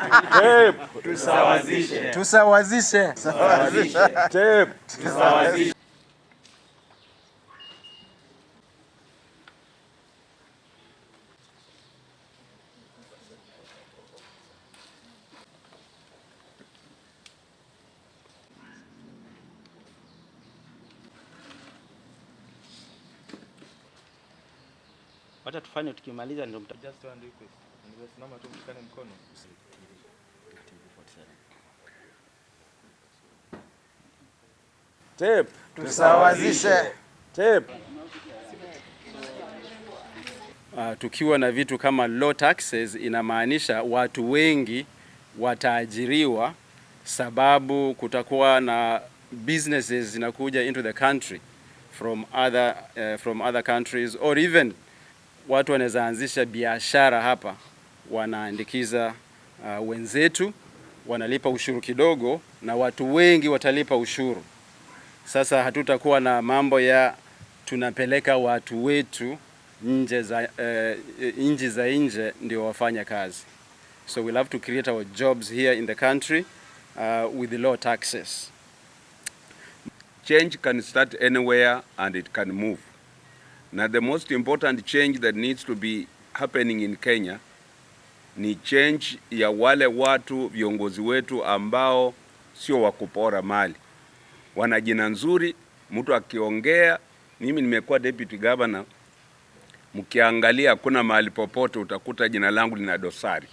tusawazishe. Tusawazishe. Tusawazishe. Tusawazishe. Tape. Tusawazishe. Wacha tufanye tukimaliza, ndio mtasimama tu mshikane mkono. Tep. Tusawazishe. Tep. Uh, ah, tukiwa na vitu kama low taxes inamaanisha watu wengi wataajiriwa, sababu kutakuwa na businesses zinakuja into the country from other, uh, from other countries or even watu wanaweza anzisha biashara hapa, wanaandikiza uh, wenzetu wanalipa ushuru kidogo, na watu wengi watalipa ushuru. Sasa hatutakuwa na mambo ya tunapeleka watu wetu nje za uh, eh, nchi za nje ndio wafanya kazi. So we'll have to create our jobs here in the country uh, with low taxes. Change can start anywhere and it can move. Na the most important change that needs to be happening in Kenya ni change ya wale watu viongozi wetu ambao sio wakupora mali wana jina nzuri, mtu akiongea. Mimi nimekuwa deputy governor, mkiangalia hakuna mahali popote utakuta jina langu lina dosari.